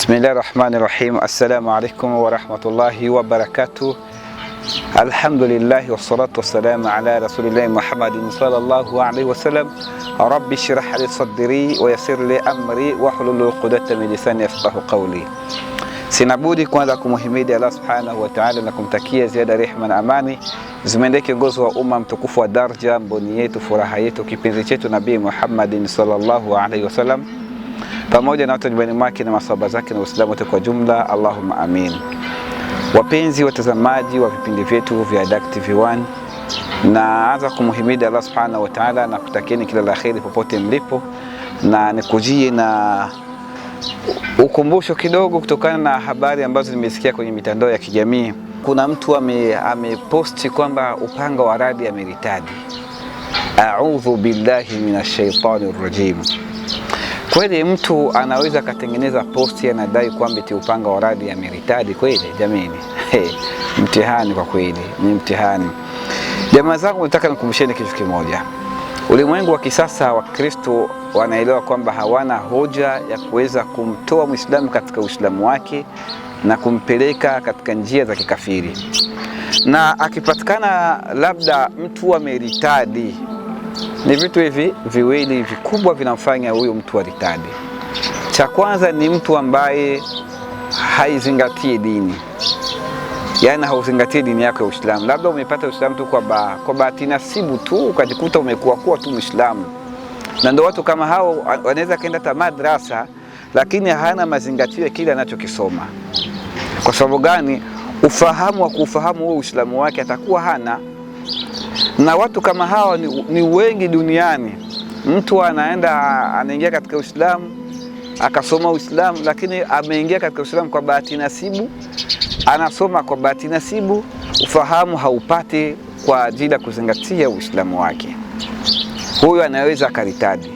Bismillahi rahmani rahim. Assalamu alaikum warahmatullahi wabarakatuh. Alhamdulillahi wassalatu wassalamu ala rasulillahi Muhammadin sallallahu alaihi wasallam. Rabbi shrah li sadri wa yassir li amri wahlul uqdatan min lisani yafqahu qawli. Sina budi kwanza kumhimidi Allah subhanahu wa ta'ala na kumtakia ziada rehma na amani zimeendee kiongozi wa umma mtukufu wa daraja, mboni yetu, furaha yetu, kipenzi chetu Nabii Muhammadin sallallahu alaihi wasallam pamoja na watu wa nyumbani mwake na maswahaba zake na Waislamu wote kwa jumla, Allahumma amin. Wapenzi watazamaji wa vipindi vyetu vya Dak TV 1, naanza kumhimidi Allah subhanahu wa taala na kutakieni kila la kheri popote mlipo, na nikujie na ukumbusho kidogo kutokana na habari ambazo nimesikia kwenye mitandao ya kijamii. Kuna mtu ameposti ame kwamba upanga wa radi ameritadi. Audhu billahi minash shaitani rajim Kweli mtu anaweza akatengeneza posti anadai kwamba eti upanga wa radi ya meritadi? Kweli jamani, hey, mtihani kwa kweli ni mtihani. Jamaa zangu, nataka nikumbusheni kitu kimoja. Ulimwengu wa kisasa wa Kristo wanaelewa kwamba hawana hoja ya kuweza kumtoa Mwislamu katika Uislamu wake na kumpeleka katika njia za kikafiri, na akipatikana labda mtu ameritadi ni vitu hivi viwili vikubwa vinamfanya huyu mtu wa ritadi. Cha kwanza ni mtu ambaye haizingatii dini, yaani hauzingatii dini yako ya Uislamu. Labda umepata Uislamu tu kwa, kwa bahati nasibu tu ukajikuta umekuwa kuwa tu Muislamu, na ndio watu kama hao wanaweza kaenda hata madrasa, lakini hana mazingatio ya kile anachokisoma. Kwa sababu gani? Ufahamu wa kuufahamu huo Uislamu wake atakuwa hana na watu kama hawa ni, ni wengi duniani. Mtu anaenda anaingia katika Uislamu akasoma Uislamu, lakini ameingia katika Uislamu kwa bahati nasibu, anasoma kwa bahati nasibu, ufahamu haupati kwa ajili ya kuzingatia Uislamu wake, huyo anaweza karitadi.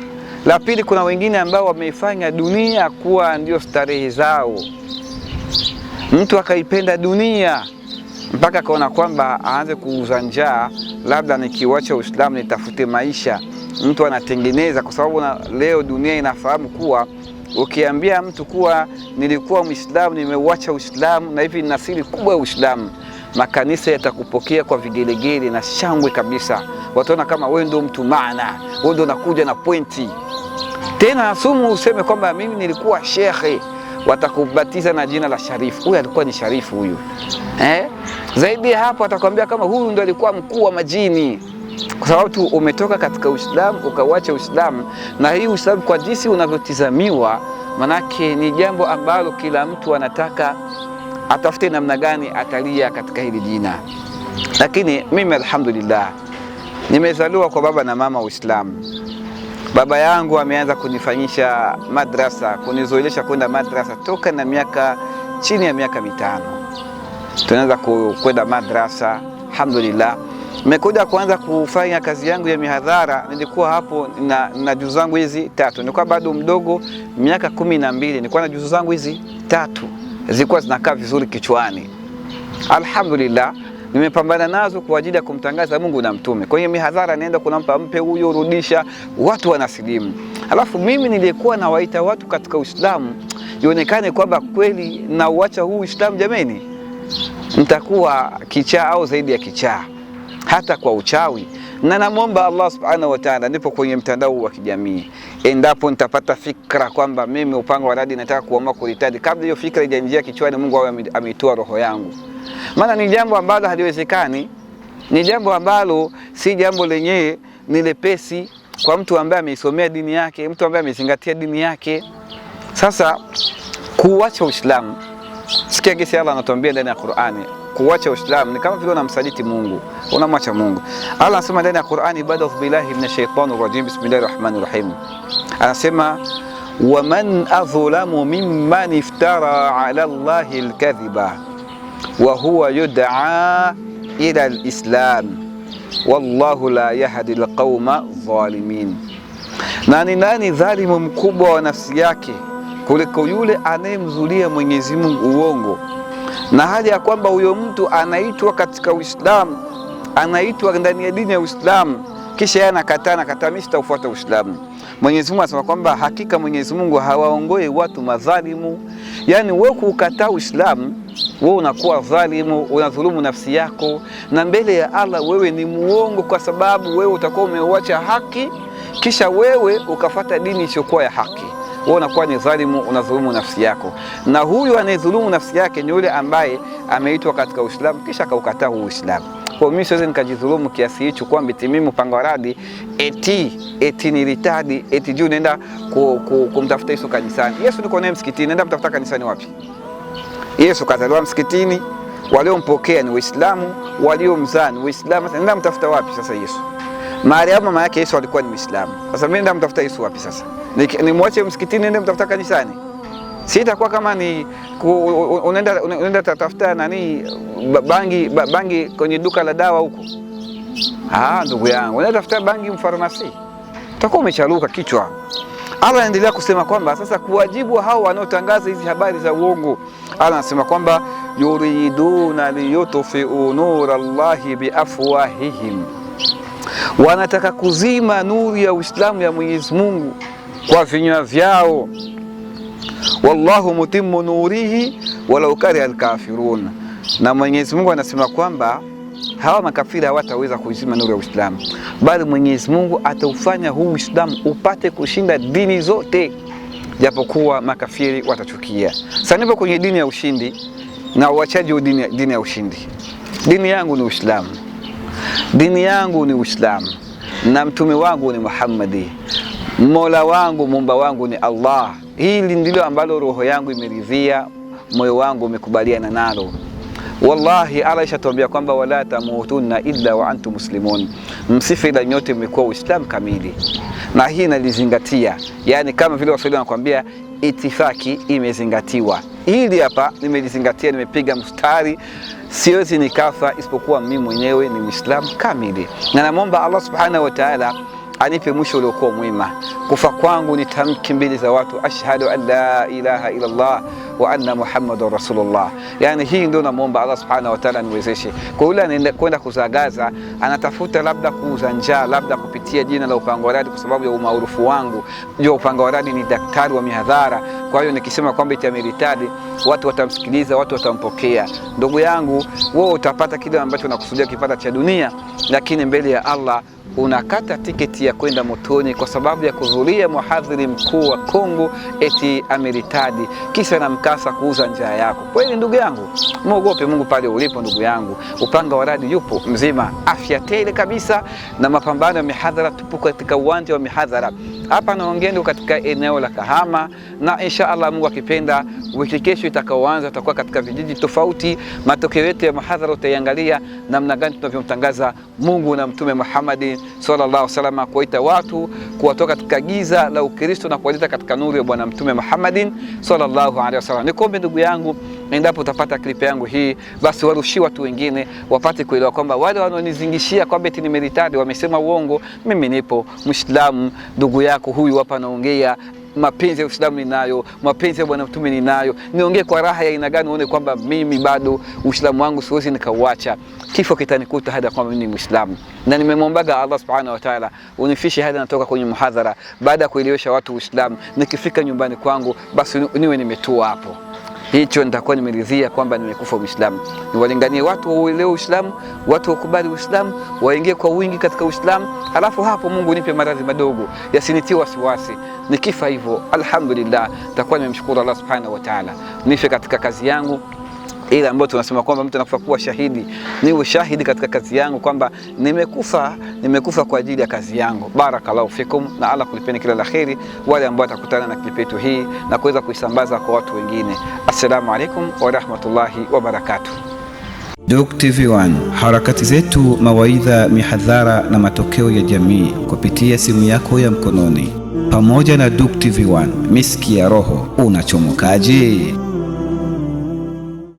La pili, kuna wengine ambao wameifanya dunia kuwa ndio starehe zao, mtu akaipenda dunia mpaka akaona kwamba aanze kuuza njaa, labda nikiwacha Uislamu nitafute maisha. Mtu anatengeneza kwa sababu na leo dunia inafahamu kuwa ukiambia mtu kuwa nilikuwa Muislamu, nimeuacha Uislamu na hivi nina siri kubwa ya Uislamu, makanisa yatakupokea kwa vigelegele na shangwe kabisa. Wataona kama wewe ndio mtu maana, wewe ndio unakuja na pointi. Tena sumu useme kwamba mimi nilikuwa shekhe, watakubatiza na jina la Sharifu. Huyu alikuwa ni Sharifu huyu eh? Zaidi ya hapo, atakwambia kama huyu ndo alikuwa mkuu wa majini, kwa sababu tu umetoka katika Uislamu ukauacha Uislamu. Na hii Uislamu kwa jinsi unavyotizamiwa, manake ni jambo ambalo kila mtu anataka atafute namna gani atalia katika hili jina. Lakini mimi alhamdulillah, nimezaliwa kwa baba na mama Uislamu. Baba yangu ameanza kunifanyisha madrasa, kunizoelesha kwenda madrasa toka na miaka chini ya miaka mitano tunaanza kwenda madrasa. Alhamdulillah, nimekuja kuanza kufanya kazi yangu ya mihadhara. Nilikuwa hapo na, na juzu zangu hizi tatu, nilikuwa bado mdogo, miaka kumi na mbili, nilikuwa na juzu zangu hizi tatu zilikuwa zinakaa vizuri kichwani. Alhamdulillah, nimepambana nazo kwa ajili ya kumtangaza Mungu na Mtume. Kwa hiyo mihadhara naenda kunampa mpe huyo, rudisha, watu wanasilimu. Alafu mimi nilikuwa nawaita watu katika Uislamu ionekane kwamba kweli nauacha huu Uislamu jameni mtakuwa kichaa au zaidi ya kichaa, hata kwa uchawi. Na namwomba Allah subhanahu wa ta'ala, nipo kwenye mtandao wa kijamii, endapo nitapata fikra kwamba mimi upanga wa radi nataka kuomba kuritadi, kabla hiyo fikra ijaingia kichwani, Mungu awe ameitoa roho yangu, maana ni jambo ambalo haliwezekani, ni jambo ambalo si jambo lenyewe ni lepesi kwa mtu ambaye ameisomea dini yake, mtu ambaye amezingatia dini yake. Sasa kuacha Uislamu Sikia gisi Allah anatuambia ndani ya Qur'ani, kuacha Uislamu ni kama vile unamsaliti Mungu, unamwacha Mungu. Allah anasema ndani ya Qur'ani, badaudhu billahi minash shaitani rajim, bismillahir rahmanir rahim, anasema waman adhlamu mimman iftara ala Allahi alkadhiba wa huwa yud'a ila alislam wallahu la yahdi alqauma dhalimin, na ni nani dhalimu mkubwa wa nafsi yake kuliko yule anayemzulia Mwenyezi Mungu uongo, na hali ya kwamba huyo mtu anaitwa katika Uislamu, anaitwa ndani ya dini ya Uislamu, kisha yeye anakataa, nakataa, mimi sitaufuata Uislamu. Mwenyezi Mungu anasema kwamba hakika Mwenyezi Mungu hawaongoi watu madhalimu. Yaani wewe kukataa Uislamu, wewe unakuwa dhalimu, unadhulumu nafsi yako, na mbele ya Allah wewe ni muongo, kwa sababu wewe utakuwa umeuacha haki, kisha wewe ukafata dini isiyokuwa ya haki wewe unakuwa ni dhalimu, unadhulumu nafsi yako. Na huyu anayedhulumu nafsi yake ni yule ambaye ameitwa katika Uislamu kisha akaukataa Uislamu. Kwa mimi siwezi nikajidhulumu kiasi hicho kwamba eti mimi radi eti eti nilitadi eti juu nenda kumtafuta Yesu kanisani. Yesu niko naye msikitini, nenda mtafuta kanisani wapi? Yesu kazaliwa msikitini, waliompokea ni Waislamu, waliomzaa ni Waislamu. Nenda mtafuta wapi sasa Yesu? Mariamu mama yake Yesu alikuwa ni Muislamu. Sasa mimi nenda mtafuta Yesu wapi sasa? Nimwache ni msikitini nende mtafuta kanisani? Si itakuwa kama ni unaenda unaenda tafuta nani bangi bangi kwenye duka la dawa huko. Ah, ndugu yangu, unaenda tafuta bangi mfarmasi. Utakuwa umechaluka kichwa. Allah anaendelea kusema kwamba sasa kuwajibu hao wanaotangaza hizi habari za uongo. Allah anasema kwamba yuriduna liyutfiu nurallahi Allahi biafwahihim wanataka kuzima nuru ya Uislamu ya Mwenyezi Mungu kwa vinywa vyao. Wallahu mutimmu nurihi walau kariha alkafirun, na Mwenyezi Mungu anasema kwamba hawa makafiri hawataweza kuizima nuru ya Uislamu, bali Mwenyezi Mungu ataufanya huu Uislamu upate kushinda dini zote, japokuwa makafiri watachukia. Sasa nipo kwenye dini ya ushindi na uachaji wa dini, dini ya ushindi. Dini yangu ni Uislamu dini yangu ni Uislamu na mtume wangu ni Muhammadi, mola wangu muumba wangu ni Allah. Hili ndilo ambalo roho yangu imeridhia, moyo wangu umekubaliana nalo. Wallahi, Allah ishatuambia kwamba wala tamutunna illa wa antum muslimun, msife ila nyote mmekuwa Uislamu kamili, na hii nalizingatia yani kama vile Waswahili wanakuambia itifaki imezingatiwa. Hili hapa nimelizingatia, nimepiga mstari siwezi nikafa isipokuwa mimi mwenyewe ni Muislamu kamili, na namwomba Allah subhanahu wa ta'ala anipe mwisho uliokuwa mwema. Kufa kwangu ni tamki mbili za watu, ashhadu an la ilaha illa Allah wa anna muhammadan rasulullah. Yani hii ndio namwomba Allah subhanahu wa ta'ala niwezeshe. Kwa yule anakwenda kuzagaza, anatafuta labda kuuza njaa, labda kupitia jina la upanga wa radi, kwa sababu ya umaarufu wangu. Jua upanga wa radi ni daktari wa mihadhara, kwa hiyo nikisema kwamba amiritadi watu watamsikiliza, watu watampokea. Ndugu yangu, wewe utapata kile ambacho unakusudia kipata cha dunia, lakini mbele ya Allah unakata tiketi ya kwenda motoni kwa sababu ya kuhudhuria mhadhiri mkuu wa Kongo eti amiritadi, kisa na mkasa kuuza njaa yako. Kweli ndugu yangu, mwogope Mungu pale ulipo. Ndugu yangu, upanga wa radi yupo mzima, afya tele kabisa, na mapambano ya mihadhara, tupo katika uwanja wa mihadhara. Hapa naongea ndio katika eneo la Kahama, na insha Allah Mungu akipenda, wiki kesho itakaoanza tutakuwa katika vijiji tofauti. Matokeo yetu ya mahadhara utaiangalia namna gani tunavyomtangaza Mungu na Mtume Muhammad sallallahu alaihi wasallam, kuwaita watu kuwatoa katika giza la Ukristo na kuwaleta katika nuru ya Bwana Mtume Muhammad sallallahu alaihi wasallam. Nikombe ndugu yangu, endapo utapata klipu yangu hii, basi warushie watu wengine wapate kuelewa kwamba wale wanaonizingishia kwamba eti nimeritadi wamesema uongo. Mimi nipo Muislamu ndugu yangu yako huyu hapa anaongea mapenzi ya Uislamu ninayo, mapenzi ya Bwana Mtume ninayo, niongee kwa raha ya aina gani? Uone kwamba mimi bado Uislamu wangu siwezi nikauacha, kifo kitanikuta hadi kwamba mimi ni Muislamu. Na nimemwombaga Allah subhanahu wa ta'ala unifishe hadi natoka kwenye muhadhara, baada ya kuelewesha watu Uislamu, nikifika nyumbani kwangu basi niwe nimetua hapo hicho nitakuwa nimeridhia kwamba nimekufa Uislamu. Niwalinganie watu wauelewe Uislamu, watu wakubali Uislamu, waingie kwa wingi katika Uislamu, alafu hapo Mungu nipe maradhi madogo yasinitie wasiwasi. Nikifa hivyo, alhamdulillah, nitakuwa nimemshukuru Allah subhanahu wa ta'ala, nife katika kazi yangu ile ambayo tunasema kwamba mtu anakufa kuwa shahidi, ni ushahidi katika kazi yangu kwamba nimekufa, nimekufa kwa ajili ya kazi yangu. Barakallahu fikum, na Allah kulipeni kila la kheri wale ambao watakutana na klipu yetu hii na kuweza kuisambaza kwa watu wengine. Assalamu alaikum warahmatullahi barakatuh. Duk TV1, harakati zetu, mawaidha, mihadhara na matokeo ya jamii kupitia simu yako ya mkononi pamoja na Duk TV1. Miski ya roho unachomokaje?